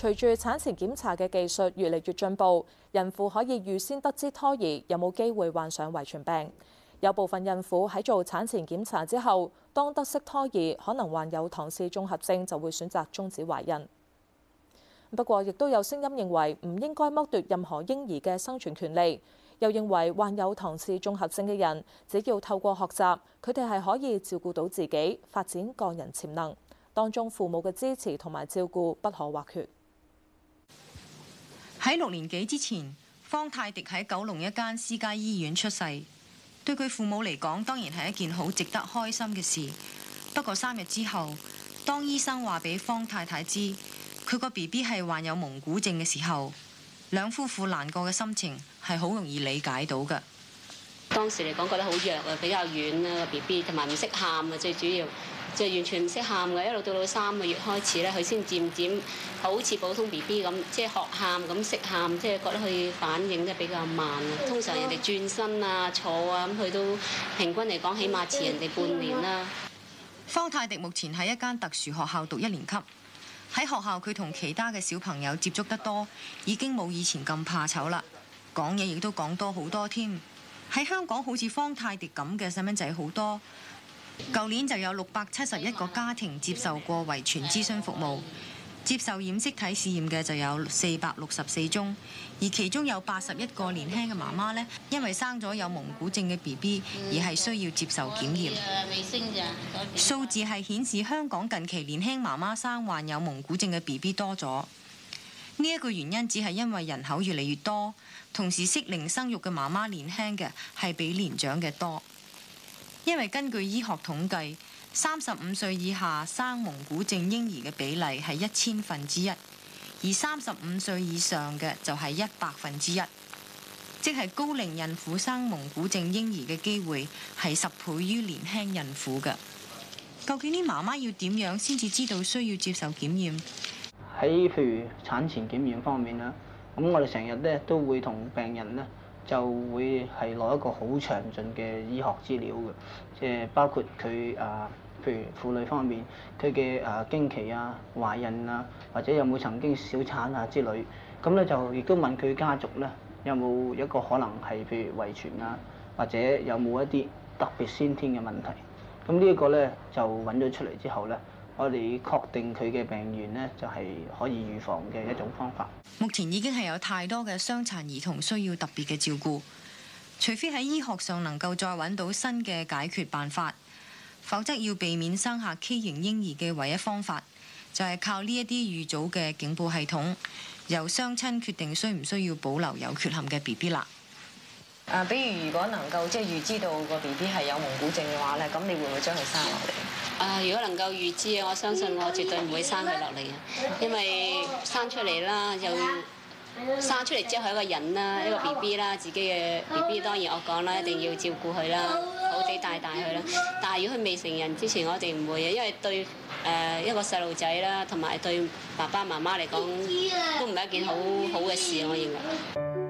隨住產前檢查嘅技術越嚟越進步，孕婦可以預先得知胎兒有冇機會患上遺傳病。有部分孕婦喺做產前檢查之後，當得悉胎兒可能患有唐氏綜合症，就會選擇終止懷孕。不過，亦都有聲音認為唔應該剝奪任何嬰兒嘅生存權利，又認為患有唐氏綜合症嘅人只要透過學習，佢哋係可以照顧到自己，發展個人潛能。當中父母嘅支持同埋照顧不可或缺。喺六年幾之前，方泰迪喺九龍一間私家醫院出世，對佢父母嚟講，當然係一件好值得開心嘅事。不過，三日之後，當醫生話俾方太太知佢個 B B 係患有蒙古症嘅時候，兩夫婦難過嘅心情係好容易理解到嘅。當時嚟講，覺得好弱啊，比較軟啊，個 B B 同埋唔識喊啊，最主要。就完全唔識喊嘅，一路到到三個月開始咧，佢先漸漸好似普通 B B 咁，即係學喊咁識喊，即係覺得佢反應得比較慢。通常人哋轉身啊、坐啊，咁佢都平均嚟講，起碼遲人哋半年啦。方太迪目前喺一間特殊學校讀一年級，喺學校佢同其他嘅小朋友接觸得多，已經冇以前咁怕醜啦，講嘢亦都講多好多添。喺香港好似方太迪咁嘅細蚊仔好多。舊年就有六百七十一個家庭接受過遺傳諮詢服務，接受染色體試驗嘅就有四百六十四宗，而其中有八十一個年輕嘅媽媽咧，因為生咗有蒙古症嘅 BB，而係需要接受檢驗。數字係顯示香港近期年輕媽媽生患有蒙古症嘅 BB 多咗，呢一個原因只係因為人口越嚟越多，同時適齡生育嘅媽媽年輕嘅係比年長嘅多。因為根據醫學統計，三十五歲以下生蒙古症嬰兒嘅比例係一千分之一，而三十五歲以上嘅就係一百分之一，即係高齡孕婦生蒙古症嬰兒嘅機會係十倍於年輕孕婦嘅。究竟啲媽媽要點樣先至知道需要接受檢驗？喺譬如產前檢驗方面啦，咁我哋成日呢都會同病人呢。就會係攞一個好詳盡嘅醫學資料嘅，即係包括佢啊，譬如婦女方面，佢嘅啊經期啊、懷孕啊，或者有冇曾經小產啊之類，咁咧就亦都問佢家族咧，有冇一個可能係譬如遺傳啊，或者有冇一啲特別先天嘅問題，咁呢一個咧就揾咗出嚟之後咧。我哋要確定佢嘅病源呢，就係可以預防嘅一種方法。目前已經係有太多嘅傷殘兒童需要特別嘅照顧，除非喺醫學上能夠再揾到新嘅解決辦法，否則要避免生下畸形嬰兒嘅唯一方法，就係靠呢一啲預早嘅警報系統，由雙親決定需唔需要保留有缺陷嘅 B B 啦。啊，比如如果能夠即係預知到個 B B 係有蒙古症嘅話咧，咁你會唔會將佢生落嚟？啊！如果能夠預知嘅，我相信我絕對唔會生佢落嚟嘅，因為生出嚟啦，又生出嚟之後係一個人啦，一個 B B 啦，自己嘅 B B 當然我講啦，一定要照顧佢啦，好地帶帶佢啦。但係如果佢未成人之前，我哋唔會嘅，因為對誒一個細路仔啦，同埋對爸爸媽媽嚟講，都唔係一件好好嘅事，我認為。